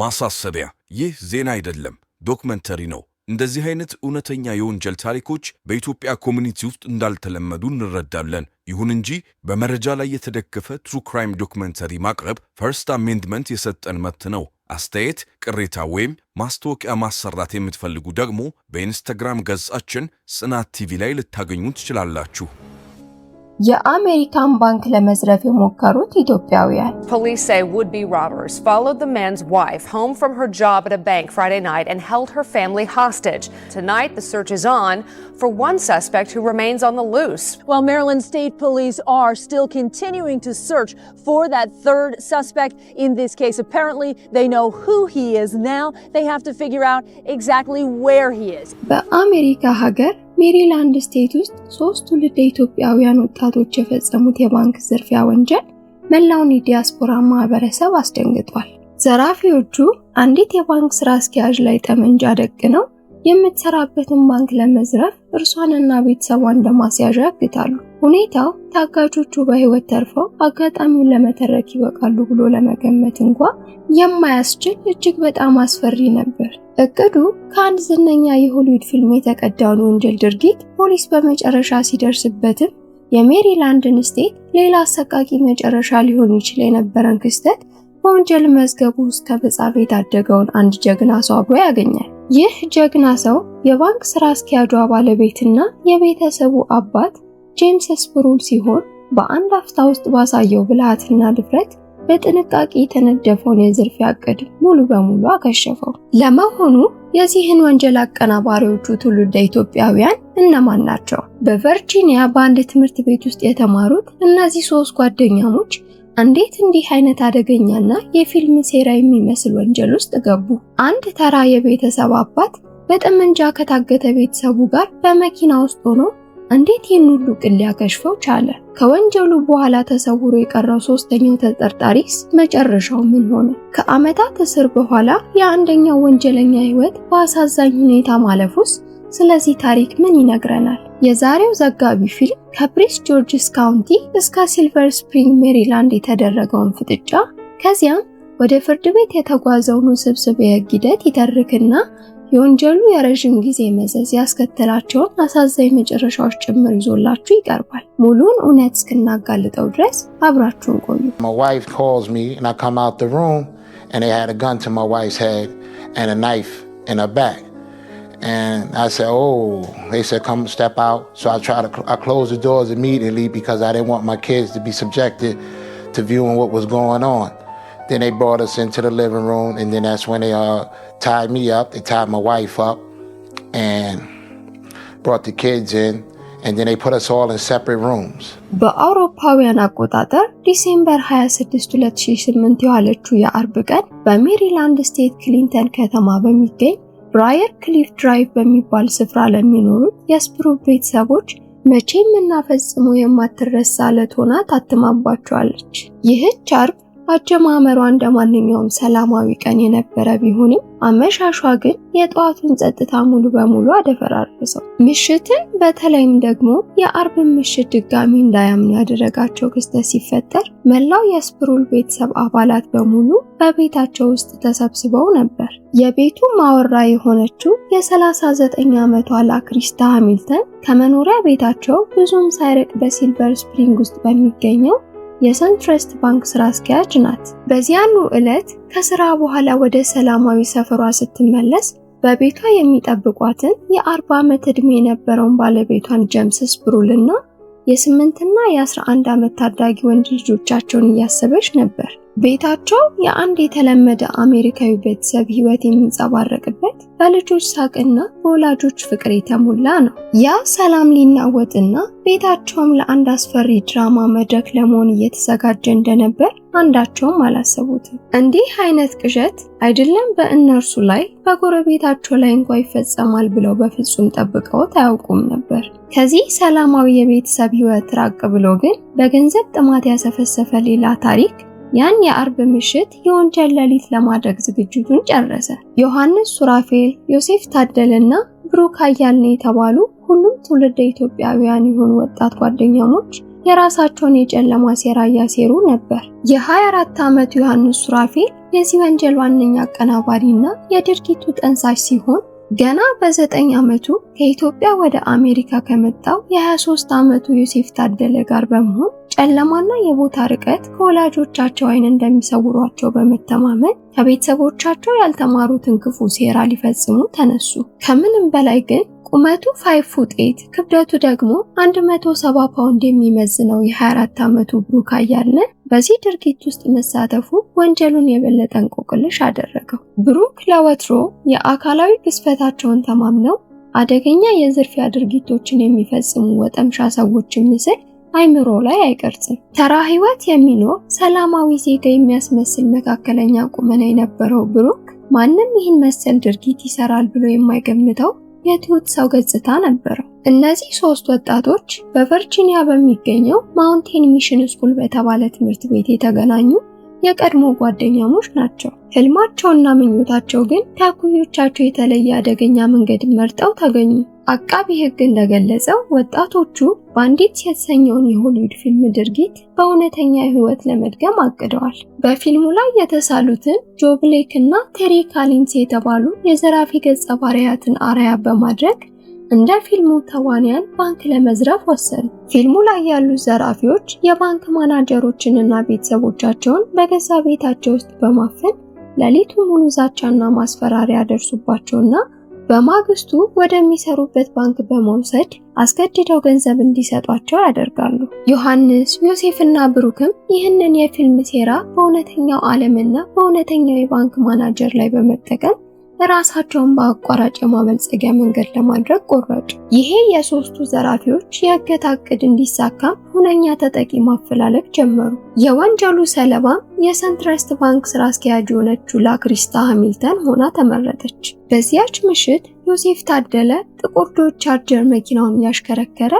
ማሳሰቢያ፣ ይህ ዜና አይደለም፣ ዶክመንተሪ ነው። እንደዚህ አይነት እውነተኛ የወንጀል ታሪኮች በኢትዮጵያ ኮሚኒቲ ውስጥ እንዳልተለመዱ እንረዳለን። ይሁን እንጂ በመረጃ ላይ የተደገፈ ትሩ ክራይም ዶክመንተሪ ማቅረብ ፈርስት አሜንድመንት የሰጠን መብት ነው። አስተያየት፣ ቅሬታ ወይም ማስታወቂያ ማሰራት የምትፈልጉ ደግሞ በኢንስታግራም ገጻችን ጽናት ቲቪ ላይ ልታገኙ ትችላላችሁ። የአሜሪካን ባንክ ለመዝረፍ የሞከሩት ኢትዮጵያውያን Police say would-be robbers followed the man's wife home from her job at a bank Friday night and held her family hostage. Tonight, the search is on for one suspect who remains on the loose. While Maryland State Police are still continuing to search for that third suspect in this case, apparently they know who he is now. They have to figure out exactly where he is. በአሜሪካ ሀገር ሜሪላንድ ስቴት ውስጥ ሶስት ትውልደ ኢትዮጵያውያን ወጣቶች የፈጸሙት የባንክ ዝርፊያ ወንጀል መላውን የዲያስፖራ ማህበረሰብ አስደንግጧል። ዘራፊዎቹ አንዲት የባንክ ስራ አስኪያጅ ላይ ጠመንጃ ደቅነው የምትሰራበትን ባንክ ለመዝረፍ እርሷንና ቤተሰቧን እንደማስያዣ ያግታሉ። ሁኔታው ታጋቾቹ በህይወት ተርፈው አጋጣሚውን ለመተረክ ይበቃሉ ብሎ ለመገመት እንኳ የማያስችል እጅግ በጣም አስፈሪ ነበር። እቅዱ ከአንድ ዝነኛ የሆሊውድ ፊልም የተቀዳውን ወንጀል ድርጊት ፖሊስ በመጨረሻ ሲደርስበትም የሜሪላንድን ስቴት ሌላ አሰቃቂ መጨረሻ ሊሆን ይችል የነበረን ክስተት በወንጀል መዝገቡ ውስጥ ከመጻፍ የታደገውን አንድ ጀግና ሰው አብሮ ያገኛል። ይህ ጀግና ሰው የባንክ ስራ አስኪያጇ ባለቤትና የቤተሰቡ አባት ጄምስ ስፕሩል ሲሆን በአንድ አፍታ ውስጥ ባሳየው ብልሃትና ድፍረት በጥንቃቄ የተነደፈውን የዝርፊያ እቅድ ሙሉ በሙሉ አከሸፈው። ለመሆኑ የዚህን ወንጀል አቀናባሪዎቹ ትውልደ ኢትዮጵያውያን እነማን ናቸው? በቨርጂኒያ በአንድ ትምህርት ቤት ውስጥ የተማሩት እነዚህ ሶስት ጓደኛሞች እንዴት እንዲህ አይነት አደገኛና የፊልም ሴራ የሚመስል ወንጀል ውስጥ ገቡ? አንድ ተራ የቤተሰብ አባት በጠመንጃ ከታገተ ቤተሰቡ ጋር በመኪና ውስጥ ሆኖ እንዴት ይህን ሁሉ ቅል ሊያከሽፈው ቻለ? ከወንጀሉ በኋላ ተሰውሮ የቀረው ሶስተኛው ተጠርጣሪስ መጨረሻው ምን ሆነ? ከዓመታት እስር በኋላ የአንደኛው ወንጀለኛ ሕይወት በአሳዛኝ ሁኔታ ማለፉስ ስለዚህ ታሪክ ምን ይነግረናል? የዛሬው ዘጋቢ ፊልም ከፕሪስ ጆርጅስ ካውንቲ እስከ ሲልቨር ስፕሪንግ ሜሪላንድ የተደረገውን ፍጥጫ ከዚያም ወደ ፍርድ ቤት የተጓዘውን ውስብስብ የህግ ሂደት ይተርክና የወንጀሉ የረዥም ጊዜ መዘዝ ያስከተላቸውን አሳዛኝ መጨረሻዎች ጭምር ይዞላችሁ ይቀርባል። ሙሉን እውነት እስክናጋልጠው ድረስ አብራችሁን ቆዩ። And Then they brought us into the living room, and then that's when they uh, tied me up. They tied my wife up, and brought the kids in, and then they put us all in separate rooms. በአውሮፓውያን አቆጣጠር ዲሴምበር 26 2008 የዋለችው የአርብ ቀን በሜሪላንድ ስቴት ክሊንተን ከተማ በሚገኝ ብራየር ክሊፍ ድራይቭ በሚባል ስፍራ ለሚኖሩት የስፕሩቭ ቤተሰቦች መቼም እና ፈጽሞ የማትረሳ ዕለት ሆና ታትማባቸዋለች። ይህች አርብ አጀማመሯ እንደ ማንኛውም ሰላማዊ ቀን የነበረ ቢሆንም አመሻሿ ግን የጠዋቱን ጸጥታ ሙሉ በሙሉ አደፈራርሰው ምሽትን በተለይም ደግሞ የአርብን ምሽት ድጋሚ እንዳያምኑ ያደረጋቸው ክስተት ሲፈጠር መላው የስፕሩል ቤተሰብ አባላት በሙሉ በቤታቸው ውስጥ ተሰብስበው ነበር። የቤቱ ማወራ የሆነችው የ39 ዓመቷ ላክሪስታ ሃሚልተን ከመኖሪያ ቤታቸው ብዙም ሳይርቅ በሲልቨር ስፕሪንግ ውስጥ በሚገኘው የሰንትረስት ባንክ ስራ አስኪያጅ ናት። በዚያኑ ዕለት ከስራ በኋላ ወደ ሰላማዊ ሰፈሯ ስትመለስ በቤቷ የሚጠብቋትን የ40 ዓመት ዕድሜ የነበረውን ባለቤቷን ጀምስስ ብሩልና የስምንትና የ11 ዓመት ታዳጊ ወንድ ልጆቻቸውን እያሰበች ነበር። ቤታቸው የአንድ የተለመደ አሜሪካዊ ቤተሰብ ህይወት የሚንጸባረቅበት በልጆች ሳቅና በወላጆች ፍቅር የተሞላ ነው። ያ ሰላም ሊናወጥና ቤታቸውም ለአንድ አስፈሪ ድራማ መድረክ ለመሆን እየተዘጋጀ እንደነበር አንዳቸውም አላሰቡትም። እንዲህ አይነት ቅዠት አይደለም በእነርሱ ላይ በጎረቤታቸው ላይ እንኳ ይፈጸማል ብለው በፍጹም ጠብቀውት አያውቁም ነበር። ከዚህ ሰላማዊ የቤተሰብ ህይወት ራቅ ብሎ ግን በገንዘብ ጥማት ያሰፈሰፈ ሌላ ታሪክ ያን የአርብ ምሽት የወንጀል ሌሊት ለማድረግ ዝግጅቱን ጨረሰ። ዮሐንስ ሱራፌል፣ ዮሴፍ ታደለና ብሩክ አያልነ የተባሉ ሁሉም ትውልደ ኢትዮጵያውያን የሆኑ ወጣት ጓደኛሞች የራሳቸውን የጨለማ ሴራ እያሴሩ ነበር። የ24 ዓመት ዮሐንስ ሱራፌል የዚህ ወንጀል ዋነኛ አቀናባሪና የድርጊቱ ጠንሳሽ ሲሆን ገና በዘጠኝ ዓመቱ ከኢትዮጵያ ወደ አሜሪካ ከመጣው የ23 ዓመቱ ዮሴፍ ታደለ ጋር በመሆን ጨለማና የቦታ ርቀት ከወላጆቻቸው ዓይን እንደሚሰውሯቸው በመተማመን ከቤተሰቦቻቸው ያልተማሩትን ክፉ ሴራ ሊፈጽሙ ተነሱ። ከምንም በላይ ግን ቁመቱ 5 ፉት 8 ክብደቱ ደግሞ 170 ፓውንድ የሚመዝነው የ24 ዓመቱ ብሩክ አያልነ በዚህ ድርጊት ውስጥ መሳተፉ ወንጀሉን የበለጠ እንቆቅልሽ አደረገው። ብሩክ ለወትሮ የአካላዊ ግዝፈታቸውን ተማምነው አደገኛ የዝርፊያ ድርጊቶችን የሚፈጽሙ ወጠምሻ ሰዎችን ምስል አይምሮ ላይ አይቀርጽም። ተራ ህይወት የሚኖር ሰላማዊ ዜጋ የሚያስመስል መካከለኛ ቁመና የነበረው ብሩክ ማንም ይህን መሰል ድርጊት ይሰራል ብሎ የማይገምተው የትሁት ሰው ገጽታ ነበረው። እነዚህ ሶስት ወጣቶች በቨርጂኒያ በሚገኘው ማውንቴን ሚሽን ስኩል በተባለ ትምህርት ቤት የተገናኙ የቀድሞ ጓደኛሞች ናቸው። ህልማቸውና ምኞታቸው ግን ከእኩዮቻቸው የተለየ አደገኛ መንገድ መርጠው ተገኙ። አቃቢ ሕግ እንደገለጸው ወጣቶቹ ባንዲት የተሰኘውን የሆሊውድ ፊልም ድርጊት በእውነተኛ ሕይወት ለመድገም አቅደዋል። በፊልሙ ላይ የተሳሉትን ጆ ብሌክ እና ቴሪ ካሊንስ የተባሉ የዘራፊ ገጸ ባህሪያትን አርአያ በማድረግ እንደ ፊልሙ ተዋንያን ባንክ ለመዝረፍ ወሰኑ። ፊልሙ ላይ ያሉት ዘራፊዎች የባንክ ማናጀሮችንና ቤተሰቦቻቸውን በገዛ ቤታቸው ውስጥ በማፈን ሌሊቱ ሙሉ ዛቻና ማስፈራሪያ ደርሱባቸውና በማግስቱ ወደሚሰሩበት ባንክ በመውሰድ አስገድደው ገንዘብ እንዲሰጧቸው ያደርጋሉ። ዮሐንስ፣ ዮሴፍና ብሩክም ይህንን የፊልም ሴራ በእውነተኛው ዓለምና በእውነተኛው የባንክ ማናጀር ላይ በመጠቀም ራሳቸውን በአቋራጭ የማበልጸጊያ መንገድ ለማድረግ ቆረጡ። ይሄ የሶስቱ ዘራፊዎች የእገታ እቅድ እንዲሳካ ሁነኛ ተጠቂ ማፈላለግ ጀመሩ። የወንጀሉ ሰለባ የሰንትረስት ባንክ ስራ አስኪያጅ የሆነችው ላክሪስታ ሃሚልተን ሆና ተመረጠች። በዚያች ምሽት ዮሴፍ ታደለ ጥቁር ዶ ቻርጀር መኪናውን እያሽከረከረ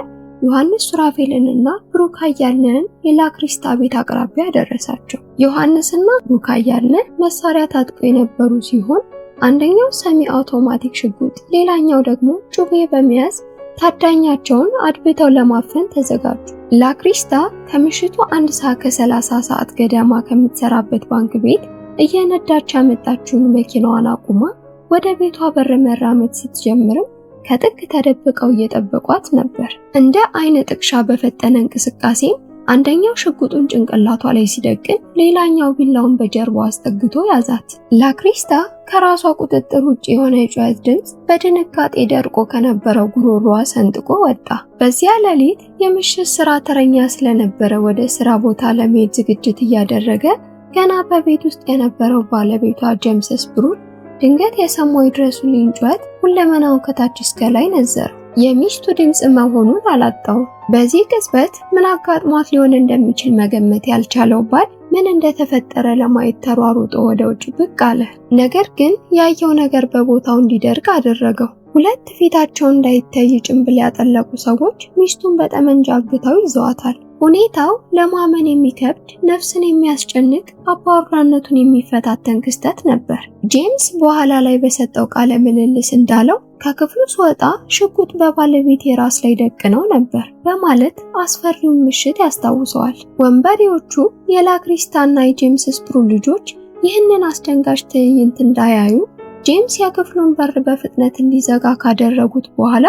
ዮሐንስ ሱራፌልንና ብሩክ አያልንን የላክሪስታ ቤት አቅራቢያ ደረሳቸው። ዮሐንስና ብሩክ አያልን መሳሪያ ታጥቆ የነበሩ ሲሆን አንደኛው ሰሚ አውቶማቲክ ሽጉጥ፣ ሌላኛው ደግሞ ጩቤ በመያዝ ታዳኛቸውን አድብተው ለማፈን ተዘጋጁ። ላክሪስታ ከምሽቱ አንድ ሰዓት ከ30 ሰዓት ገደማ ከምትሰራበት ባንክ ቤት እየነዳች ያመጣችውን መኪናዋን አቁማ ወደ ቤቷ በር መራመድ ስትጀምርም ከጥግ ተደብቀው እየጠበቋት ነበር። እንደ አይነ ጥቅሻ በፈጠነ እንቅስቃሴም አንደኛው ሽጉጡን ጭንቅላቷ ላይ ሲደቅን፣ ሌላኛው ቢላውን በጀርባ አስጠግቶ ያዛት። ላክሪስታ ከራሷ ቁጥጥር ውጭ የሆነ የጩኸት ድምፅ በድንጋጤ ደርቆ ከነበረው ጉሮሯ ሰንጥቆ ወጣ። በዚያ ሌሊት የምሽት ስራ ተረኛ ስለነበረ ወደ ስራ ቦታ ለመሄድ ዝግጅት እያደረገ ገና በቤት ውስጥ የነበረው ባለቤቷ ጀምሰስ ብሩን ድንገት የሰማው ድረሱልኝ ጩኸት ሁለመናው ከታች እስከ ላይ ነዘር። የሚስቱ ድምፅ መሆኑን አላጣው። በዚህ ቅጽበት ምን አጋጥሟት ሊሆን እንደሚችል መገመት ያልቻለው ባል ምን እንደተፈጠረ ለማየት ተሯሩጦ ወደ ውጭ ብቅ አለ። ነገር ግን ያየው ነገር በቦታው እንዲደርቅ አደረገው። ሁለት ፊታቸው እንዳይታይ ጭንብል ያጠለቁ ሰዎች ሚስቱን በጠመንጃ አግተው ይዘዋታል። ሁኔታው ለማመን የሚከብድ ነፍስን የሚያስጨንቅ አባወራነቱን የሚፈታተን ክስተት ነበር። ጄምስ በኋላ ላይ በሰጠው ቃለ ምልልስ እንዳለው ከክፍሉ ስወጣ ሽጉጥ በባለቤት የራስ ላይ ደቅነው ነበር በማለት አስፈሪውን ምሽት ያስታውሰዋል። ወንበዴዎቹ የላክሪስታና የጄምስ ስፕሩ ልጆች ይህንን አስደንጋጭ ትዕይንት እንዳያዩ ጄምስ የክፍሉን በር በፍጥነት እንዲዘጋ ካደረጉት በኋላ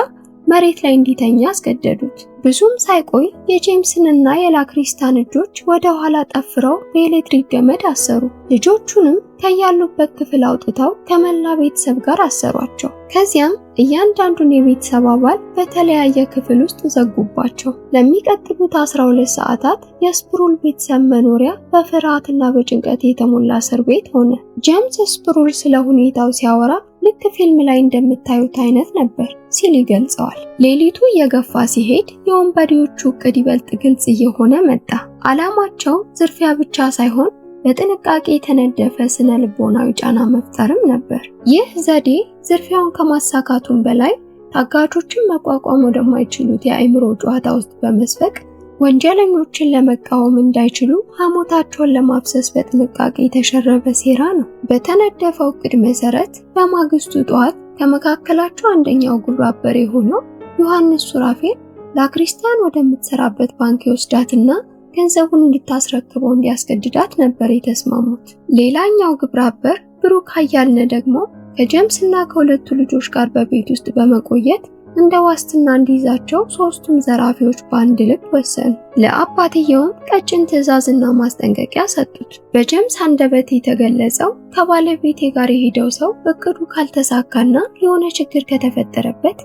መሬት ላይ እንዲተኛ አስገደዱት። ብዙም ሳይቆይ የጄምስንና የላክሪስታን እጆች ወደ ኋላ ጠፍረው በኤሌክትሪክ ገመድ አሰሩ። ልጆቹንም ከያሉበት ክፍል አውጥተው ከመላ ቤተሰብ ጋር አሰሯቸው። ከዚያም እያንዳንዱን የቤተሰብ አባል በተለያየ ክፍል ውስጥ ዘጉባቸው። ለሚቀጥሉት 12 ሰዓታት የስፕሩል ቤተሰብ መኖሪያ በፍርሃትና በጭንቀት የተሞላ እስር ቤት ሆነ። ጀምስ ስፕሩል ስለ ሁኔታው ሲያወራ ልክ ፊልም ላይ እንደምታዩት አይነት ነበር ሲል ይገልጸዋል። ሌሊቱ እየገፋ ሲሄድ የወንበዴዎቹ እቅድ ይበልጥ ግልጽ እየሆነ መጣ። ዓላማቸው ዝርፊያ ብቻ ሳይሆን በጥንቃቄ የተነደፈ ስነ ልቦናዊ ጫና መፍጠርም ነበር። ይህ ዘዴ ዝርፊያውን ከማሳካቱም በላይ ታጋቾችን መቋቋም ወደማይችሉት የአእምሮ ጨዋታ ውስጥ በመስበቅ ወንጀለኞችን ለመቃወም እንዳይችሉ ሐሞታቸውን ለማብሰስ በጥንቃቄ የተሸረበ ሴራ ነው። በተነደፈው ዕቅድ መሰረት በማግስቱ ጠዋት ከመካከላቸው አንደኛው አበር የሆነው ዮሐንስ ሱራፌል ለክርስቲያን ወደምትሰራበት ባንክ ይወስዳትና ገንዘቡን እንድታስረክበው እንዲያስገድዳት ነበር የተስማሙት። ሌላኛው ግብረ አበር ብሩክ ሀያልነ ደግሞ ከጀምስ እና ከሁለቱ ልጆች ጋር በቤት ውስጥ በመቆየት እንደ ዋስትና እንዲይዛቸው ሶስቱም ዘራፊዎች በአንድ ልብ ወሰኑ። ለአባትየውም ቀጭን ትዕዛዝና ማስጠንቀቂያ ሰጡት። በጀምስ አንደበት የተገለጸው ከባለቤቴ ጋር የሄደው ሰው እቅዱ ካልተሳካና የሆነ ችግር ከተፈጠረበት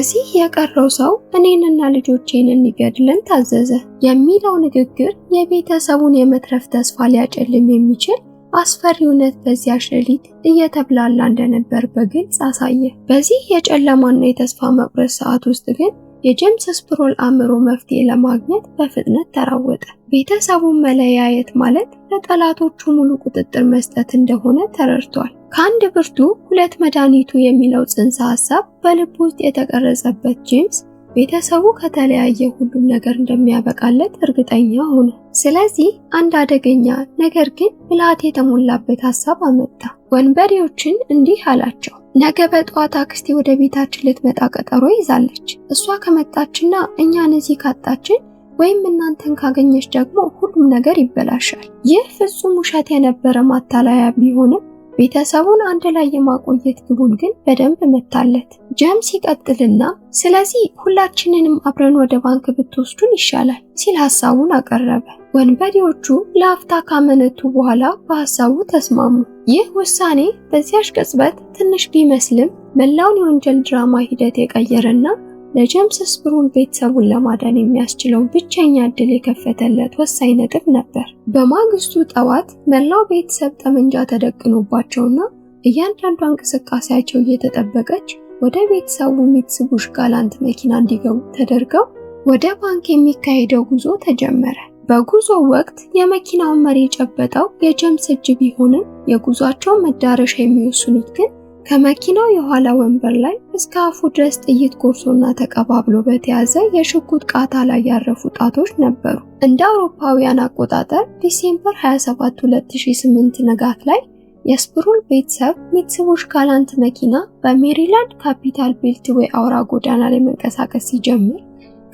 እዚህ የቀረው ሰው እኔንና ልጆቼን እንዲገድለን ታዘዘ የሚለው ንግግር የቤተሰቡን የመትረፍ ተስፋ ሊያጨልም የሚችል አስፈሪ እውነት በዚያ ሌሊት እየተብላላ እንደነበር በግልጽ አሳየ። በዚህ የጨለማና የተስፋ መቁረጥ ሰዓት ውስጥ ግን የጀምስ ስፕሮል አእምሮ መፍትሄ ለማግኘት በፍጥነት ተራወጠ። ቤተሰቡን መለያየት ማለት ለጠላቶቹ ሙሉ ቁጥጥር መስጠት እንደሆነ ተረድቷል። ከአንድ ብርቱ ሁለት መድኃኒቱ የሚለው ጽንሰ ሐሳብ በልብ ውስጥ የተቀረጸበት ጄምስ ቤተሰቡ ከተለያየ ሁሉም ነገር እንደሚያበቃለት እርግጠኛ ሆነ። ስለዚህ አንድ አደገኛ ነገር ግን ብልሃት የተሞላበት ሀሳብ አመጣ። ወንበዴዎችን እንዲህ አላቸው፣ ነገ በጠዋት አክስቴ ወደ ቤታችን ልትመጣ ቀጠሮ ይዛለች። እሷ ከመጣችና እኛን እዚህ ካጣችን ወይም እናንተን ካገኘች ደግሞ ሁሉም ነገር ይበላሻል። ይህ ፍጹም ውሸት የነበረ ማታለያ ቢሆንም ቤተሰቡን አንድ ላይ የማቆየት ግቡን ግን በደንብ መታለት። ጀም ሲቀጥልና ስለዚህ ሁላችንንም አብረን ወደ ባንክ ብትወስዱን ይሻላል ሲል ሀሳቡን አቀረበ። ወንበዴዎቹ ለአፍታ ካመነቱ በኋላ በሀሳቡ ተስማሙ። ይህ ውሳኔ በዚያች ቅጽበት ትንሽ ቢመስልም መላውን የወንጀል ድራማ ሂደት የቀየረና ለጀምስ ስፕሩል ቤተሰቡን ለማዳን የሚያስችለውን ብቸኛ እድል የከፈተለት ወሳኝ ነጥብ ነበር። በማግስቱ ጠዋት መላው ቤተሰብ ጠመንጃ ተደቅኖባቸውና እያንዳንዷ እንቅስቃሴያቸው እየተጠበቀች ወደ ቤተሰቡ ሚትሱቢሺ ጋላንት መኪና እንዲገቡ ተደርገው ወደ ባንክ የሚካሄደው ጉዞ ተጀመረ። በጉዞው ወቅት የመኪናውን መሪ የጨበጠው የጀምስ እጅ ቢሆንም የጉዟቸውን መዳረሻ የሚወስኑት ግን ከመኪናው የኋላ ወንበር ላይ እስከ አፉ ድረስ ጥይት ጎርሶና ተቀባብሎ በተያዘ የሽጉጥ ቃታ ላይ ያረፉ ጣቶች ነበሩ። እንደ አውሮፓውያን አቆጣጠር ዲሴምበር 27 2008 ንጋት ላይ የስፕሩል ቤተሰብ ሚትስቡሽ ጋላንት መኪና በሜሪላንድ ካፒታል ቤልትዌይ አውራ ጎዳና ላይ መንቀሳቀስ ሲጀምር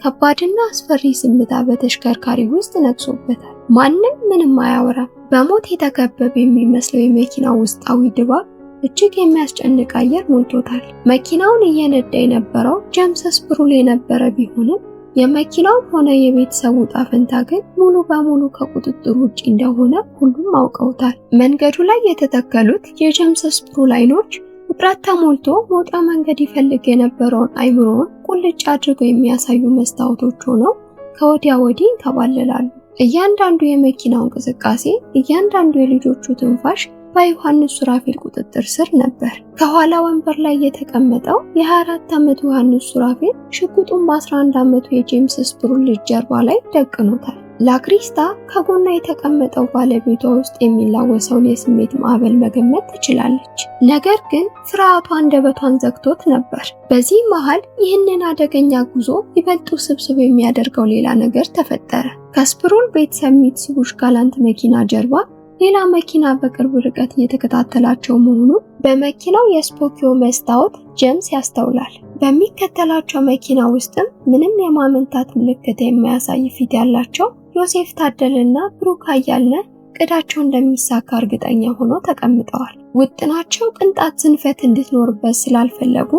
ከባድና አስፈሪ ዝምታ በተሽከርካሪ ውስጥ ነግሶበታል። ማንም ምንም አያወራም። በሞት የተከበበ የሚመስለው የመኪናው ውስጣዊ ድባብ እጅግ የሚያስጨንቅ አየር ሞልቶታል። መኪናውን እየነዳ የነበረው ጀምስ ስፕሩል የነበረ ቢሆንም የመኪናውም ሆነ የቤተሰቡ ጣፍንታ ፈንታ ግን ሙሉ በሙሉ ከቁጥጥር ውጭ እንደሆነ ሁሉም አውቀውታል። መንገዱ ላይ የተተከሉት የጀምስ ስፕሩል አይኖች ውጥረት ተሞልቶ መውጫ መንገድ ይፈልግ የነበረውን አይምሮውን ቁልጭ አድርገው የሚያሳዩ መስታወቶች ሆነው ከወዲያ ወዲህ ይንከባለላሉ። እያንዳንዱ የመኪናው እንቅስቃሴ፣ እያንዳንዱ የልጆቹ ትንፋሽ በዮሐንስ ሱራፌል ቁጥጥር ስር ነበር። ከኋላ ወንበር ላይ የተቀመጠው የ24 ዓመቱ ዮሐንስ ሱራፌል ሽጉጡን በ11 ዓመቱ የጄምስ ስፕሩል ልጅ ጀርባ ላይ ደቅኖታል። ላክሪስታ ከጎኗ የተቀመጠው ባለቤቷ ውስጥ የሚላወሰውን የስሜት ማዕበል መገመት ትችላለች። ነገር ግን ፍርሃቷ አንደበቷን ዘግቶት ነበር። በዚህ መሃል ይህንን አደገኛ ጉዞ ይበልጡ ስብስብ የሚያደርገው ሌላ ነገር ተፈጠረ። ከስፕሩል ቤተሰብ ሚትሱቢሺ ጋላንት መኪና ጀርባ ሌላ መኪና በቅርብ ርቀት እየተከታተላቸው መሆኑን በመኪናው የስፖኪዮ መስታወት ጀምስ ያስተውላል። በሚከተላቸው መኪና ውስጥም ምንም የማመንታት ምልክት የሚያሳይ ፊት ያላቸው ዮሴፍ ታደልና ብሩክ አያልነህ እቅዳቸው እንደሚሳካ እርግጠኛ ሆኖ ተቀምጠዋል። ውጥናቸው ቅንጣት ዝንፈት እንድትኖርበት ስላልፈለጉ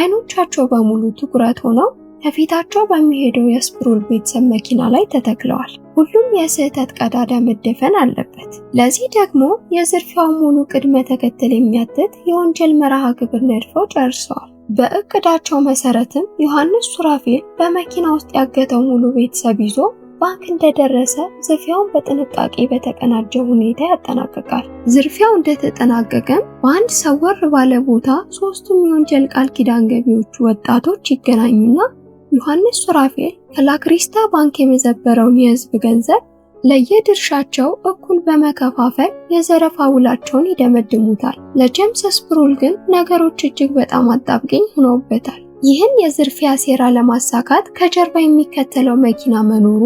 አይኖቻቸው በሙሉ ትኩረት ሆነው ከፊታቸው በሚሄደው የስፕሩል ቤተሰብ መኪና ላይ ተተክለዋል። ሁሉም የስህተት ቀዳዳ መደፈን አለበት። ለዚህ ደግሞ የዝርፊያው ሙሉ ቅድመ ተከተል የሚያትት የወንጀል መርሃ ግብር ነድፈው ጨርሰዋል። በእቅዳቸው መሰረትም ዮሐንስ ሱራፌል በመኪና ውስጥ ያገተው ሙሉ ቤተሰብ ይዞ ባንክ እንደደረሰ ዝርፊያውን በጥንቃቄ በተቀናጀ ሁኔታ ያጠናቅቃል። ዝርፊያው እንደተጠናቀቀም በአንድ ሰወር ባለ ቦታ ሶስቱም የወንጀል ቃል ኪዳን ገቢዎቹ ወጣቶች ይገናኙና ዮሐንስ ሱራፌል ከላክሪስታ ባንክ የመዘበረውን የህዝብ ገንዘብ ለየድርሻቸው እኩል በመከፋፈል የዘረፋ ውላቸውን ይደመድሙታል። ለጄምስ ስፕሩል ግን ነገሮች እጅግ በጣም አጣብቂኝ ሆነውበታል። ይህን የዝርፊያ ሴራ ለማሳካት ከጀርባ የሚከተለው መኪና መኖሩ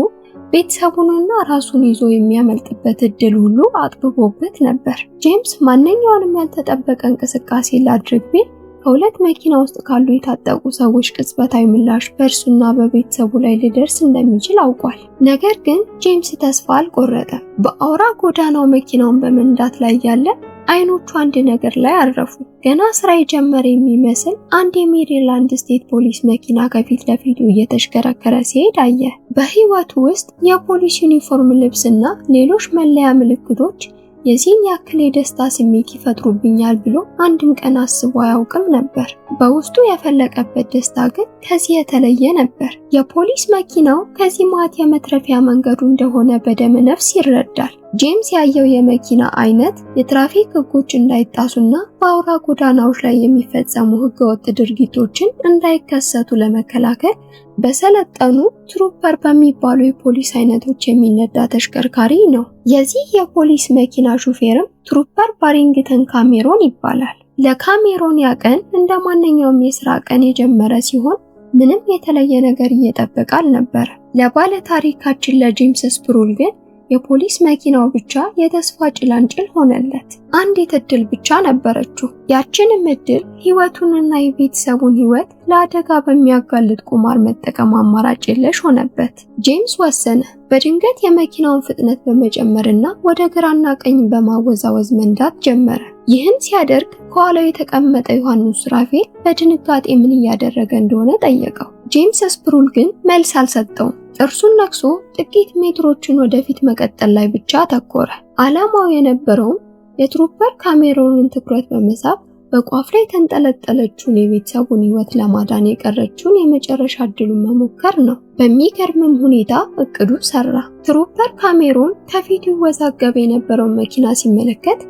ቤተሰቡንና ራሱን ይዞ የሚያመልጥበት እድል ሁሉ አጥብቦበት ነበር። ጄምስ ማንኛውንም ያልተጠበቀ እንቅስቃሴ ላድርግ ቢል ከሁለት መኪና ውስጥ ካሉ የታጠቁ ሰዎች ቅጽበታዊ ምላሽ በእርሱና በቤተሰቡ ላይ ሊደርስ እንደሚችል አውቋል። ነገር ግን ጄምስ ተስፋ አልቆረጠም። በአውራ ጎዳናው መኪናውን በመንዳት ላይ ያለ አይኖቹ አንድ ነገር ላይ አረፉ። ገና ስራ የጀመረ የሚመስል አንድ የሜሪላንድ ስቴት ፖሊስ መኪና ከፊት ለፊቱ እየተሽከረከረ ሲሄድ አየ። በህይወቱ ውስጥ የፖሊስ ዩኒፎርም ልብስና ሌሎች መለያ ምልክቶች የዚህን ያክል የደስታ ስሜት ይፈጥሩብኛል ብሎ አንድም ቀን አስቦ አያውቅም ነበር። በውስጡ ያፈለቀበት ደስታ ግን ከዚህ የተለየ ነበር። የፖሊስ መኪናው ከዚህ ማት የመትረፊያ መንገዱ እንደሆነ በደመ ነፍስ ይረዳል። ጄምስ ያየው የመኪና አይነት የትራፊክ ህጎች እንዳይጣሱና በአውራ ጎዳናዎች ላይ የሚፈጸሙ ህገወጥ ድርጊቶችን እንዳይከሰቱ ለመከላከል በሰለጠኑ ትሩፐር በሚባሉ የፖሊስ አይነቶች የሚነዳ ተሽከርካሪ ነው። የዚህ የፖሊስ መኪና ሹፌርም ትሩፐር ባሪንግተን ካሜሮን ይባላል። ለካሜሮን ያቀን ቀን እንደ ማንኛውም የስራ ቀን የጀመረ ሲሆን ምንም የተለየ ነገር እየጠበቀ አልነበረ። ለባለታሪካችን ታሪካችን ለጄምስ ስፕሩል ግን የፖሊስ መኪናው ብቻ የተስፋ ጭላንጭል ሆነለት። አንዲት እድል ብቻ ነበረችው። ያችንም እድል ህይወቱንና የቤተሰቡን ህይወት ለአደጋ በሚያጋልጥ ቁማር መጠቀም አማራጭ የለሽ ሆነበት። ጄምስ ወሰነ። በድንገት የመኪናውን ፍጥነት በመጨመርና ወደ ግራና ቀኝ በማወዛወዝ መንዳት ጀመረ። ይህን ሲያደርግ ከኋላው የተቀመጠ ዮሐንስ ራፌል በድንጋጤ ምን እያደረገ እንደሆነ ጠየቀው። ጄምስ ስፕሩል ግን መልስ አልሰጠውም። ጥርሱን ነክሶ ጥቂት ሜትሮችን ወደፊት መቀጠል ላይ ብቻ አተኮረ። ዓላማው የነበረውም የትሩፐር ካሜሮንን ትኩረት በመሳብ በቋፍ ላይ የተንጠለጠለችውን የቤተሰቡን ሕይወት ለማዳን የቀረችውን የመጨረሻ እድሉን መሞከር ነው። በሚገርምም ሁኔታ እቅዱ ሰራ። ትሩፐር ካሜሮን ከፊት ይወዛገብ የነበረውን መኪና ሲመለከት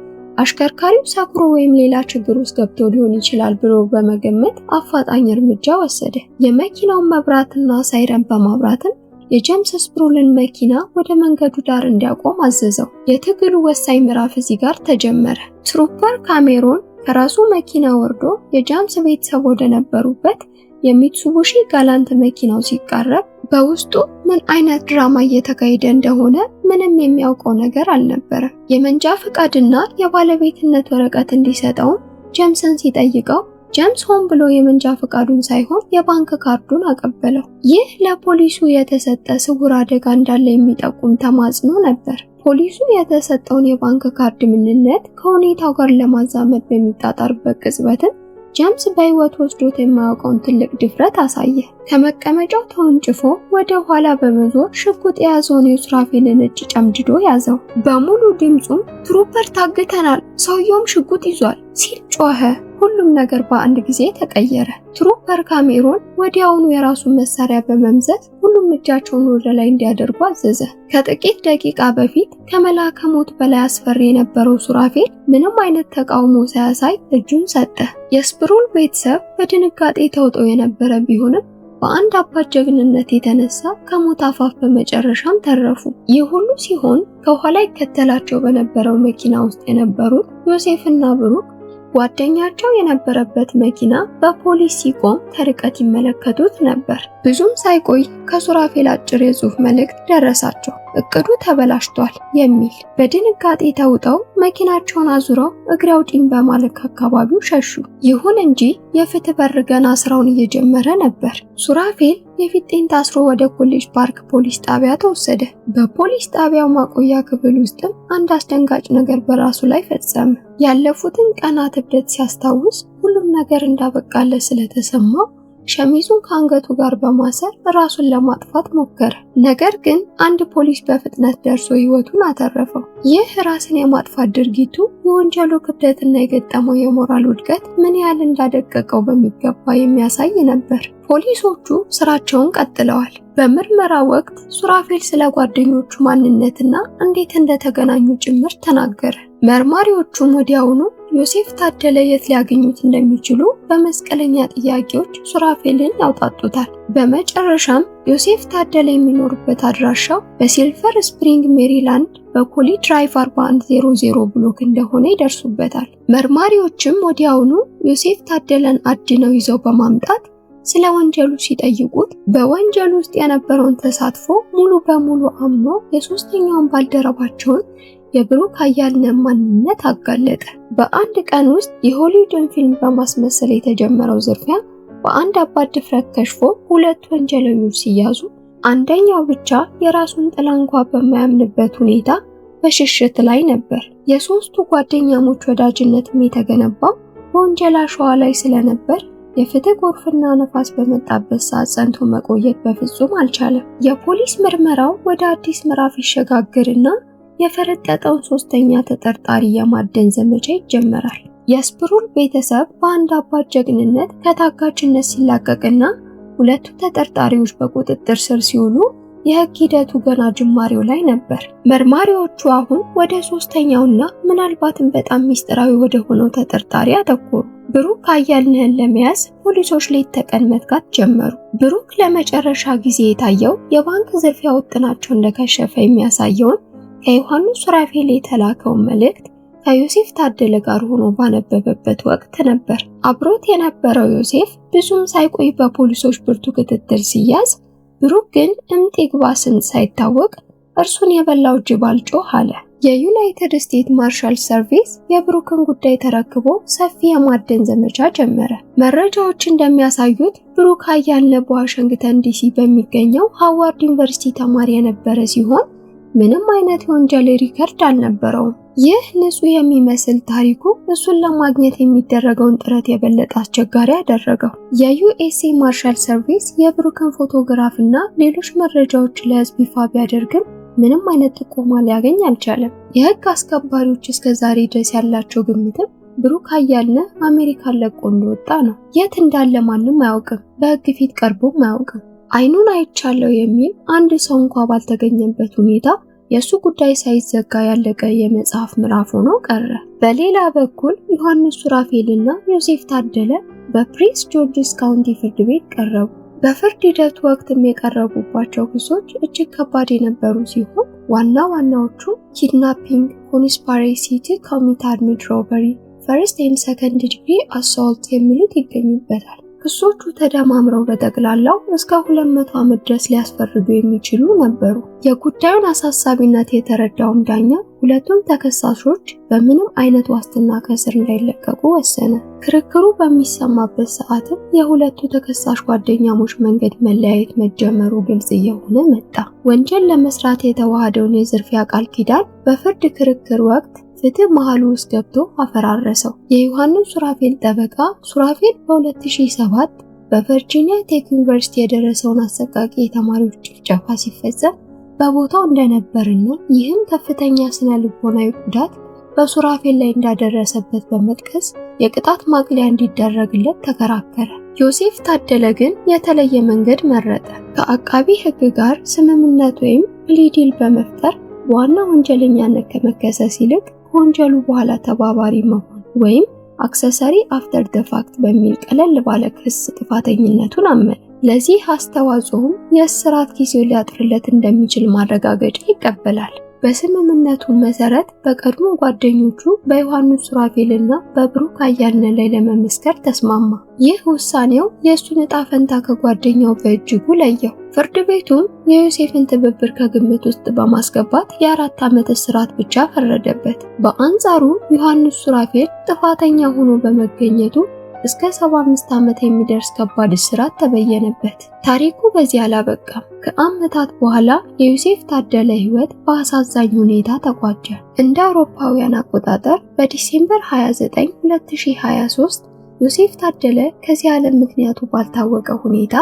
አሽከርካሪው ሰክሮ ወይም ሌላ ችግር ውስጥ ገብቶ ሊሆን ይችላል ብሎ በመገመት አፋጣኝ እርምጃ ወሰደ። የመኪናውን መብራትና ሳይረን በማብራትም የጀምስ ስፕሩልን መኪና ወደ መንገዱ ዳር እንዲያቆም አዘዘው። የትግሉ ወሳኝ ምዕራፍ እዚህ ጋር ተጀመረ። ትሩፐር ካሜሮን ከራሱ መኪና ወርዶ የጃምስ ቤተሰብ ወደ ነበሩበት የሚትሱቡሺ ጋላንት መኪናው ሲቃረብ በውስጡ ምን አይነት ድራማ እየተካሄደ እንደሆነ ምንም የሚያውቀው ነገር አልነበረም። የመንጃ ፈቃድና የባለቤትነት ወረቀት እንዲሰጠውም ጀምሰን ሲጠይቀው ጀምስ ሆን ብሎ የመንጃ ፈቃዱን ሳይሆን የባንክ ካርዱን አቀበለው። ይህ ለፖሊሱ የተሰጠ ስውር አደጋ እንዳለ የሚጠቁም ተማጽኖ ነበር። ፖሊሱ የተሰጠውን የባንክ ካርድ ምንነት ከሁኔታው ጋር ለማዛመድ በሚጣጣርበት ቅጽበትም ጀምስ በህይወት ወስዶት የማያውቀውን ትልቅ ድፍረት አሳየ። ከመቀመጫው ተወንጭፎ ወደ ኋላ በመዞር ሽጉጥ የያዘውን የሱራፌልን እጅ ጨምድዶ ያዘው። በሙሉ ድምፁም ትሩፐር ታግተናል፣ ሰውየውም ሽጉጥ ይዟል ሲል ጮኸ። ሁሉም ነገር በአንድ ጊዜ ተቀየረ። ትሩፐር ካሜሮን ወዲያውኑ የራሱን መሳሪያ በመምዘት ሁሉም እጃቸውን ወደ ላይ እንዲያደርጉ አዘዘ። ከጥቂት ደቂቃ በፊት ከመላ ከሞት በላይ አስፈሪ የነበረው ሱራፌል ምንም አይነት ተቃውሞ ሳያሳይ እጁን ሰጠ። የስፕሩል ቤተሰብ በድንጋጤ ተውጠው የነበረ ቢሆንም በአንድ አባት ጀግንነት የተነሳ ከሞት አፋፍ በመጨረሻም ተረፉ። ይህ ሁሉ ሲሆን ከኋላ ይከተላቸው በነበረው መኪና ውስጥ የነበሩት ዮሴፍና ብሩክ ጓደኛቸው የነበረበት መኪና በፖሊስ ሲቆም ከርቀት ይመለከቱት ነበር። ብዙም ሳይቆይ ከሱራፌል አጭር የጽሑፍ መልእክት ደረሳቸው። እቅዱ ተበላሽቷል የሚል በድንጋጤ ተውጠው መኪናቸውን አዙረው እግረ አውጪኝ በማለት ከአካባቢው ሸሹ። ይሁን እንጂ የፍትህ በር ገና ስራውን እየጀመረ ነበር። ሱራፌል የፊጤን ታስሮ ወደ ኮሌጅ ፓርክ ፖሊስ ጣቢያ ተወሰደ። በፖሊስ ጣቢያው ማቆያ ክፍል ውስጥም አንድ አስደንጋጭ ነገር በራሱ ላይ ፈጸመ። ያለፉትን ቀናት እብደት ሲያስታውስ ሁሉም ነገር እንዳበቃለ ስለተሰማው ሸሚዙን ከአንገቱ ጋር በማሰር ራሱን ለማጥፋት ሞከረ። ነገር ግን አንድ ፖሊስ በፍጥነት ደርሶ ህይወቱን አተረፈው። ይህ ራስን የማጥፋት ድርጊቱ የወንጀሉ ክብደትና የገጠመው የሞራል ውድቀት ምን ያህል እንዳደቀቀው በሚገባ የሚያሳይ ነበር። ፖሊሶቹ ስራቸውን ቀጥለዋል። በምርመራ ወቅት ሱራፌል ስለ ጓደኞቹ ማንነትና እንዴት እንደተገናኙ ጭምር ተናገረ። መርማሪዎቹም ወዲያውኑ ዮሴፍ ታደለ የት ሊያገኙት እንደሚችሉ በመስቀለኛ ጥያቄዎች ሱራፌልን ያውጣጡታል። በመጨረሻም ዮሴፍ ታደለ የሚኖርበት አድራሻው በሲልቨር ስፕሪንግ ሜሪላንድ በኮሊ ድራይቭ 4100 ብሎክ እንደሆነ ይደርሱበታል። መርማሪዎችም ወዲያውኑ ዮሴፍ ታደለን አድነው ይዘው በማምጣት ስለ ወንጀሉ ሲጠይቁት በወንጀል ውስጥ የነበረውን ተሳትፎ ሙሉ በሙሉ አምኖ የሶስተኛውን ባልደረባቸውን የብሩክ ሀያልነት ማንነት አጋለጠ። በአንድ ቀን ውስጥ የሆሊውድን ፊልም በማስመሰል የተጀመረው ዝርፊያ በአንድ አባት ድፍረት ከሽፎ ሁለት ወንጀለኞች ሲያዙ አንደኛው ብቻ የራሱን ጥላ እንኳ በማያምንበት ሁኔታ በሽሽት ላይ ነበር። የሶስቱ ጓደኛሞች ወዳጅነትም የተገነባው በወንጀል አሸዋ ላይ ስለነበር የፍትህ ጎርፍና ነፋስ በመጣበት ሰዓት ጸንቶ መቆየት በፍጹም አልቻለም። የፖሊስ ምርመራው ወደ አዲስ ምዕራፍ ይሸጋግርና የፈረጠጠውን ሶስተኛ ተጠርጣሪ የማደን ዘመቻ ይጀመራል። የስፕሩል ቤተሰብ በአንድ አባት ጀግንነት ከታጋችነት ሲላቀቅና ሁለቱ ተጠርጣሪዎች በቁጥጥር ስር ሲውሉ የህግ ሂደቱ ገና ጅማሬው ላይ ነበር። መርማሪዎቹ አሁን ወደ ሶስተኛውና ምናልባትም በጣም ሚስጥራዊ ወደ ሆነው ተጠርጣሪ አተኮሩ። ብሩክ አያልንህን ለመያዝ ፖሊሶች ሌት ተቀን መትጋት ጀመሩ። ብሩክ ለመጨረሻ ጊዜ የታየው የባንክ ዝርፊያ ውጥናቸው እንደከሸፈ የሚያሳየውን ከዮሐንስ ሱራፌል የተላከውን መልእክት ከዮሴፍ ታደለ ጋር ሆኖ ባነበበበት ወቅት ነበር። አብሮት የነበረው ዮሴፍ ብዙም ሳይቆይ በፖሊሶች ብርቱ ክትትል ሲያዝ፣ ብሩክ ግን እምጥ ይግባ ስንት ሳይታወቅ እርሱን የበላው ጅብ አልጮህ አለ። የዩናይትድ ስቴትስ ማርሻል ሰርቪስ የብሩክን ጉዳይ ተረክቦ ሰፊ የማደን ዘመቻ ጀመረ። መረጃዎች እንደሚያሳዩት ብሩክ አያልነህ በዋሽንግተን ዲሲ በሚገኘው ሃዋርድ ዩኒቨርሲቲ ተማሪ የነበረ ሲሆን ምንም አይነት የወንጀል ሪከርድ አልነበረውም። ይህ ንጹህ የሚመስል ታሪኩ እሱን ለማግኘት የሚደረገውን ጥረት የበለጠ አስቸጋሪ ያደረገው። የዩኤስኤ ማርሻል ሰርቪስ የብሩክን ፎቶግራፍ እና ሌሎች መረጃዎች ለህዝብ ይፋ ቢያደርግም ምንም አይነት ጥቆማ ሊያገኝ አልቻለም። የህግ አስከባሪዎች እስከ ዛሬ ድረስ ያላቸው ግምትም ብሩክ አያልነህ አሜሪካን ለቆ እንደወጣ ነው። የት እንዳለ ማንም አያውቅም። በህግ ፊት ቀርቦም አያውቅም። አይኑን አይቻለው የሚል አንድ ሰው እንኳ ባልተገኘበት ሁኔታ የእሱ ጉዳይ ሳይዘጋ ያለቀ የመጽሐፍ ምዕራፍ ሆኖ ቀረ። በሌላ በኩል ዮሐንስ ሱራፌልና ዮሴፍ ታደለ በፕሪንስ ጆርጅስ ካውንቲ ፍርድ ቤት ቀረቡ። በፍርድ ሂደት ወቅትም የቀረቡባቸው ክሶች እጅግ ከባድ የነበሩ ሲሆን ዋና ዋናዎቹ ኪድናፒንግ፣ ኮንስፓሬሲ ቱ ኮሚት አርምድ ሮበሪ፣ ፈርስት ኤንድ ሰከንድ ዲግሪ አሶልት የሚሉት ይገኙበታል። ክሶቹ ተደማምረው በጠቅላላው እስከ 200 ዓመት ድረስ ሊያስፈርዱ የሚችሉ ነበሩ። የጉዳዩን አሳሳቢነት የተረዳውም ዳኛ ሁለቱም ተከሳሾች በምንም አይነት ዋስትና ከእስር እንዳይለቀቁ ወሰነ። ክርክሩ በሚሰማበት ሰዓትም የሁለቱ ተከሳሽ ጓደኛሞች መንገድ መለያየት መጀመሩ ግልጽ እየሆነ መጣ። ወንጀል ለመስራት የተዋሃደውን የዝርፊያ ቃል ኪዳን በፍርድ ክርክር ወቅት ፍትህ መሃሉ ውስጥ ገብቶ አፈራረሰው። የዮሐንስ ሱራፌል ጠበቃ ሱራፌል በ2007 በቨርጂኒያ ቴክ ዩኒቨርሲቲ የደረሰውን አሰቃቂ የተማሪዎች ጭፍጨፋ ሲፈጸም በቦታው እንደነበርና ይህም ከፍተኛ ስነ ልቦናዊ ጉዳት በሱራፌል ላይ እንዳደረሰበት በመጥቀስ የቅጣት ማቅለያ እንዲደረግለት ተከራከረ። ዮሴፍ ታደለ ግን የተለየ መንገድ መረጠ። ከአቃቢ ሕግ ጋር ስምምነት ወይም ፕሊዲል በመፍጠር በዋና ወንጀለኛነት ከመከሰስ ይልቅ ከወንጀሉ በኋላ ተባባሪ መሆን ወይም አክሰሰሪ አፍተር ደ ፋክት በሚል ቀለል ባለ ክስ ጥፋተኝነቱን አመነ። ለዚህ አስተዋጽኦም የእስራት ጊዜው ሊያጥርለት እንደሚችል ማረጋገጫ ይቀበላል። በስምምነቱ መሰረት በቀድሞ ጓደኞቹ በዮሐንስ ሱራፌልና በብሩክ አያልነ ላይ ለመመስከር ተስማማ። ይህ ውሳኔው የእሱን እጣ ፈንታ ከጓደኛው በእጅጉ ለየው። ፍርድ ቤቱም የዮሴፍን ትብብር ከግምት ውስጥ በማስገባት የአራት ዓመት እስራት ብቻ ፈረደበት። በአንጻሩ ዮሐንስ ሱራፌል ጥፋተኛ ሆኖ በመገኘቱ እስከ 75 ዓመት የሚደርስ ከባድ እስራት ተበየነበት። ታሪኩ በዚህ አላበቃም። ከዓመታት በኋላ የዮሴፍ ታደለ ሕይወት በአሳዛኝ ሁኔታ ተቋጨ። እንደ አውሮፓውያን አቆጣጠር በዲሴምበር 29 2023 ዮሴፍ ታደለ ከዚህ ዓለም ምክንያቱ ባልታወቀ ሁኔታ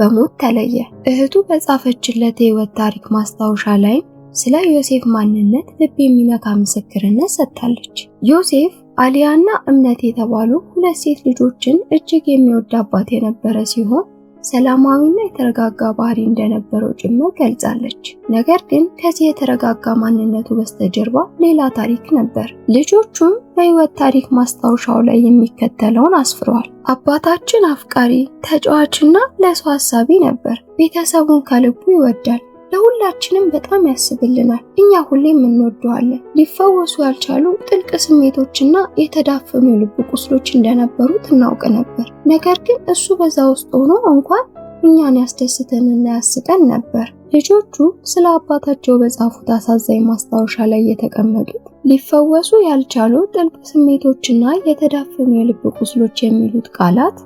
በሞት ተለየ። እህቱ በጻፈችለት የሕይወት ታሪክ ማስታወሻ ላይ ስለ ዮሴፍ ማንነት ልብ የሚነካ ምስክርነት ሰጥታለች። ዮሴፍ አሊያና እምነት የተባሉ ሁለት ሴት ልጆችን እጅግ የሚወድ አባት የነበረ ሲሆን ሰላማዊና የተረጋጋ ባህሪ እንደነበረው ጭምር ገልጻለች። ነገር ግን ከዚህ የተረጋጋ ማንነቱ በስተጀርባ ሌላ ታሪክ ነበር። ልጆቹም በሕይወት ታሪክ ማስታወሻው ላይ የሚከተለውን አስፍረዋል። አባታችን አፍቃሪ፣ ተጫዋችና ለሰው ሀሳቢ ነበር። ቤተሰቡን ከልቡ ይወዳል። ለሁላችንም በጣም ያስብልናል። እኛ ሁሌም እንወደዋለን። ሊፈወሱ ያልቻሉ ጥልቅ ስሜቶችና የተዳፈኑ የልብ ቁስሎች እንደነበሩት እናውቅ ነበር። ነገር ግን እሱ በዛ ውስጥ ሆኖ እንኳን እኛን ያስደስተንና ያስቀን ነበር። ልጆቹ ስለ አባታቸው በጻፉት አሳዛኝ ማስታወሻ ላይ የተቀመጡት ሊፈወሱ ያልቻሉ ጥልቅ ስሜቶችና የተዳፈኑ የልብ ቁስሎች የሚሉት ቃላት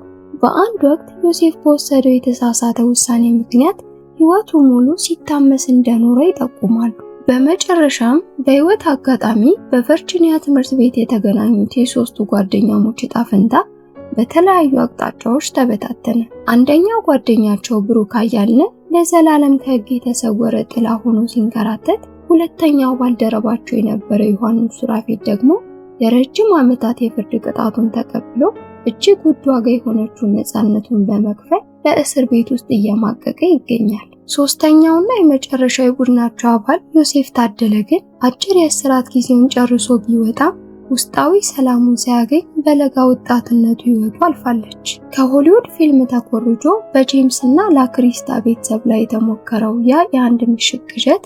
በአንድ ወቅት ዮሴፍ በወሰደው የተሳሳተ ውሳኔ ምክንያት ሕይወቱ ሙሉ ሲታመስ እንደኖረ ይጠቁማሉ። በመጨረሻም በሕይወት አጋጣሚ በቨርጂኒያ ትምህርት ቤት የተገናኙት የሶስቱ ጓደኛሞች ዕጣ ፈንታ በተለያዩ አቅጣጫዎች ተበታተነ። አንደኛው ጓደኛቸው ብሩክ አያልነ ለዘላለም ከህግ የተሰወረ ጥላ ሆኖ ሲንከራተት፣ ሁለተኛው ባልደረባቸው የነበረው ዮሐንስ ሱራፌት ደግሞ የረጅም ዓመታት የፍርድ ቅጣቱን ተቀብሎ እጅግ ውድ ዋጋ የሆነችውን ነፃነቱን በመክፈል በእስር ቤት ውስጥ እየማቀቀ ይገኛል። ሶስተኛውና የመጨረሻው የቡድናቸው አባል ዮሴፍ ታደለ ግን አጭር የእስራት ጊዜውን ጨርሶ ቢወጣም ውስጣዊ ሰላሙን ሳያገኝ በለጋ ወጣትነቱ ህይወቱ አልፋለች። ከሆሊውድ ፊልም ተኮርጆ በጄምስ እና ላክሪስታ ቤተሰብ ላይ የተሞከረው ያ የአንድ ምሽት ቅዠት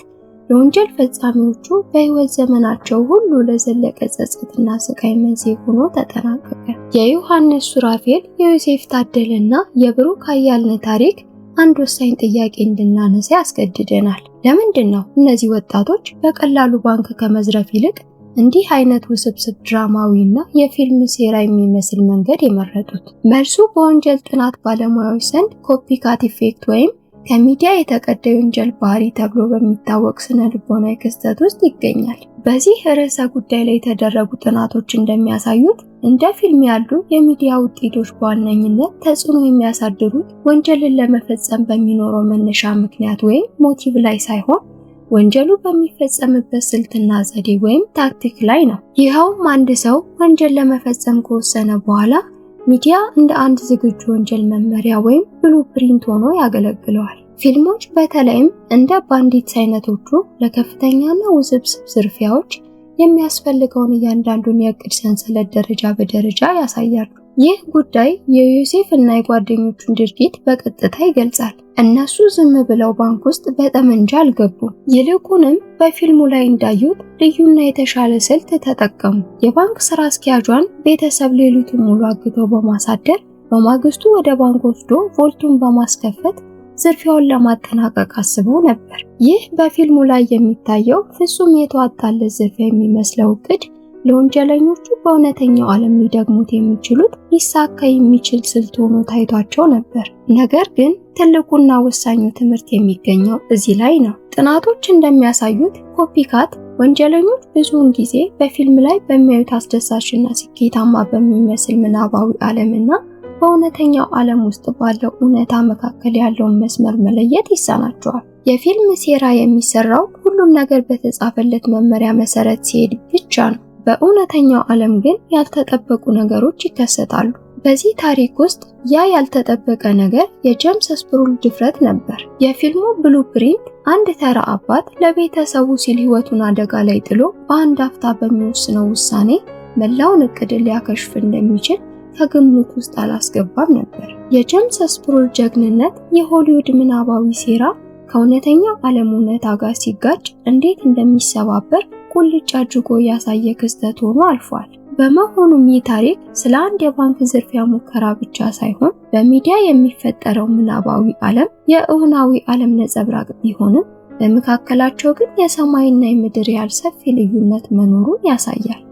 የወንጀል ፈጻሚዎቹ በሕይወት ዘመናቸው ሁሉ ለዘለቀ ጸጸትና ስቃይ መንስኤ ሆኖ ተጠናቀቀ። የዮሐንስ ሱራፌል፣ የዮሴፍ ታደለና የብሩክ አያልነ ታሪክ አንድ ወሳኝ ጥያቄ እንድናነሳ ያስገድደናል። ለምንድን ነው እነዚህ ወጣቶች በቀላሉ ባንክ ከመዝረፍ ይልቅ እንዲህ አይነት ውስብስብ ድራማዊና የፊልም ሴራ የሚመስል መንገድ የመረጡት? መልሱ በወንጀል ጥናት ባለሙያዎች ዘንድ ኮፒካት ኢፌክት ወይም ከሚዲያ የተቀዳ የወንጀል ባህሪ ተብሎ በሚታወቅ ስነ ልቦናዊ ክስተት ውስጥ ይገኛል። በዚህ ርዕሰ ጉዳይ ላይ የተደረጉ ጥናቶች እንደሚያሳዩት እንደ ፊልም ያሉ የሚዲያ ውጤቶች በዋነኝነት ተጽዕኖ የሚያሳድሩት ወንጀልን ለመፈጸም በሚኖረው መነሻ ምክንያት ወይም ሞቲቭ ላይ ሳይሆን ወንጀሉ በሚፈጸምበት ስልትና ዘዴ ወይም ታክቲክ ላይ ነው። ይኸውም አንድ ሰው ወንጀል ለመፈጸም ከወሰነ በኋላ ሚዲያ እንደ አንድ ዝግጁ ወንጀል መመሪያ ወይም ብሉ ፕሪንት ሆኖ ያገለግለዋል። ፊልሞች በተለይም እንደ ባንዲትስ አይነቶቹ ለከፍተኛና ውስብስብ ዝርፊያዎች የሚያስፈልገውን እያንዳንዱን የእቅድ ሰንሰለት ደረጃ በደረጃ ያሳያሉ። ይህ ጉዳይ የዮሴፍ እና የጓደኞቹን ድርጊት በቀጥታ ይገልጻል። እነሱ ዝም ብለው ባንክ ውስጥ በጠመንጃ አልገቡም። ይልቁንም በፊልሙ ላይ እንዳዩት ልዩና የተሻለ ስልት ተጠቀሙ። የባንክ ስራ አስኪያጇን ቤተሰብ ሌሊቱን ሙሉ አግተው በማሳደር በማግስቱ ወደ ባንክ ወስዶ ቮልቱን በማስከፈት ዝርፊያውን ለማጠናቀቅ አስበው ነበር። ይህ በፊልሙ ላይ የሚታየው ፍጹም የተዋጣለት ዝርፊያ የሚመስለው እቅድ ለወንጀለኞቹ በእውነተኛው ዓለም ሊደግሙት የሚችሉት ሊሳካ የሚችል ስልት ሆኖ ታይቷቸው ነበር። ነገር ግን ትልቁና ወሳኙ ትምህርት የሚገኘው እዚህ ላይ ነው። ጥናቶች እንደሚያሳዩት ኮፒካት ወንጀለኞች ብዙውን ጊዜ በፊልም ላይ በሚያዩት አስደሳችና ስኬታማ በሚመስል ምናባዊ ዓለምና በእውነተኛው ዓለም ውስጥ ባለው እውነታ መካከል ያለውን መስመር መለየት ይሳናቸዋል። የፊልም ሴራ የሚሰራው ሁሉም ነገር በተጻፈለት መመሪያ መሰረት ሲሄድ ብቻ ነው። በእውነተኛው ዓለም ግን ያልተጠበቁ ነገሮች ይከሰታሉ። በዚህ ታሪክ ውስጥ ያ ያልተጠበቀ ነገር የጀምስ ስፕሩል ድፍረት ነበር። የፊልሙ ብሉፕሪንት አንድ ተራ አባት ለቤተሰቡ ሲል ሕይወቱን አደጋ ላይ ጥሎ በአንድ አፍታ በሚወስነው ውሳኔ መላውን እቅድ ሊያከሽፍ እንደሚችል ከግምት ውስጥ አላስገባም ነበር። የጀምስ ስፕሩል ጀግንነት የሆሊውድ ምናባዊ ሴራ ከእውነተኛው ዓለም እውነታ ጋር ሲጋጭ እንዴት እንደሚሰባበር ቁልጭ አድርጎ ያሳየ ክስተት ሆኖ አልፏል። በመሆኑም ይህ ታሪክ ስለ አንድ የባንክ ዝርፊያ ሙከራ ብቻ ሳይሆን በሚዲያ የሚፈጠረው ምናባዊ ዓለም የእውናዊ ዓለም ነጸብራቅ ቢሆንም በመካከላቸው ግን የሰማይና የምድር ያህል ሰፊ ልዩነት መኖሩን ያሳያል።